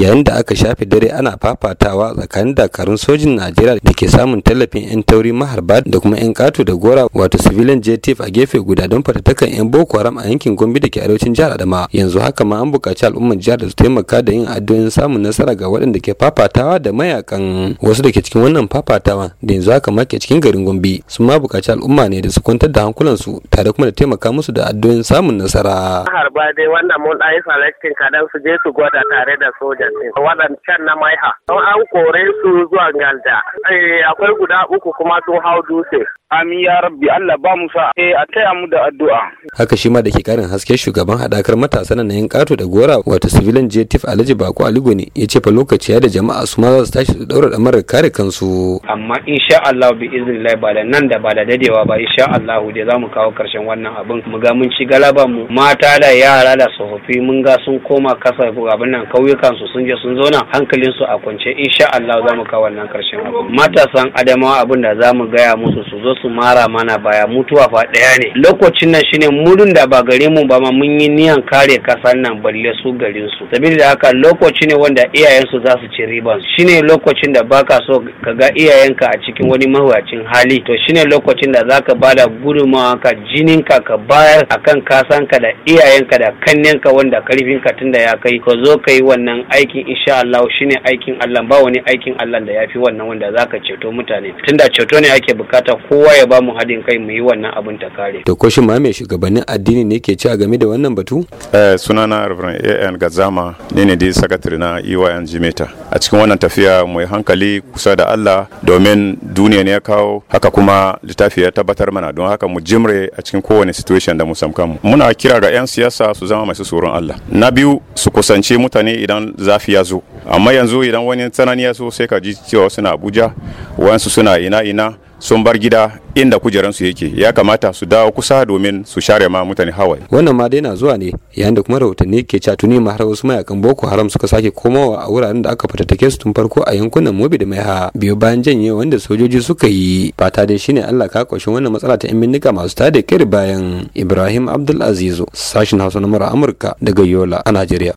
yayin da aka shafe dare ana fafatawa tsakanin dakarun sojin najeriya da ke samun tallafin 'yan tauri maharba da kuma 'yan kato da gora wato civilian jtf a gefe guda don fatattakan 'yan boko haram a yankin gombe da ke arewacin jihar adama yanzu haka ma an buƙaci al'ummar jihar da su taimaka da yin addu'o'in samun nasara ga waɗanda ke fafatawa da mayakan wasu da ke cikin wannan fafatawa da yanzu haka ma ke cikin garin gombe sun ma buƙaci al'umma ne da su kwantar da hankulansu tare kuma da taimaka musu da addu'o'in samun nasara. harba dai wannan mun selecting kaɗan su je su gwada tare da soja ɗin waɗancan na maiha don an kore su zuwa galda eh, akwai guda uku kuma sun hau dutse amin ya rabbi allah ba mu sa eh, a taya mu da addu'a haka shi ma da ke karin haske shugaban haɗakar matasa na yan ƙato da gora wato civilian jetif alhaji bako aligo ne ya ce fa lokaci ya da jama'a su ma za su tashi su ɗaura ɗamarar kare kansu amma insha allah bi iznillah ba da nan da ba da dadewa ba insha allah dai za mu kawo karshen wannan abin mu ga mun ci galaba mu mata da yara da tsofaffi mun ga sun koma kasa abin nan kauyukan su sun je sun zauna hankalin su a kwance insha Allah za mu kawo wannan karshen abu matasan adamawa abin da za mu gaya musu su zo su mara mana baya mutuwa fa daya ne lokacin nan shine mudun da ba gare mu ba ma mun yi niyan kare kasan nan balle su garin su saboda haka lokaci ne wanda iyayen su za su ci riban shine lokacin da baka so ka ga iyayenka a cikin wani mawuyacin hali to shine lokacin da zaka bada gudunmawa ka jinin ka ka bayar akan kasanka da iyayenka da kannenka wanda ka tunda ya kai ka zo ka yi wannan aiki aikin insha Allah shine aikin Allah ba wani aikin Allah da yafi wannan wanda zaka ceto mutane tunda ceto ne ake bukata kowa ya ba mu haɗin kai mu yi wannan abin ta kare to ko shi ma mai shugabannin addini ne ke cewa game da wannan batu eh sunana Reverend AN Gazama ne ne dai sakatare na EYN Jimeta a cikin wannan tafiya mu yi hankali kusa da Allah domin duniya ne ya kawo haka kuma littafi ya tabbatar mana don haka mu jimre a cikin kowane situation da mu samu muna kira ga 'yan siyasa su zama masu tsoron Allah na biyu su kusance mutane idan zafi ya zo amma yanzu idan wani tsanani ya so sai ka ji cewa suna abuja wayansu suna ina ina sun bar gida inda kujeransu yake ya kamata su dawo kusa domin su share ma mutane hawaye wannan ma dai na zuwa ne yayin da kuma rahotanni ke catuni ma har wasu mayakan boko haram suka sake komawa a wuraren da aka fatattake su tun farko a yankunan mobi da mai ha biyu bayan janye wanda sojoji suka yi fata dai shine allah ka kwashin wannan matsala ta yan bindiga masu tada kiri bayan ibrahim abdulaziz sashin hausa na amurka daga yola a najeriya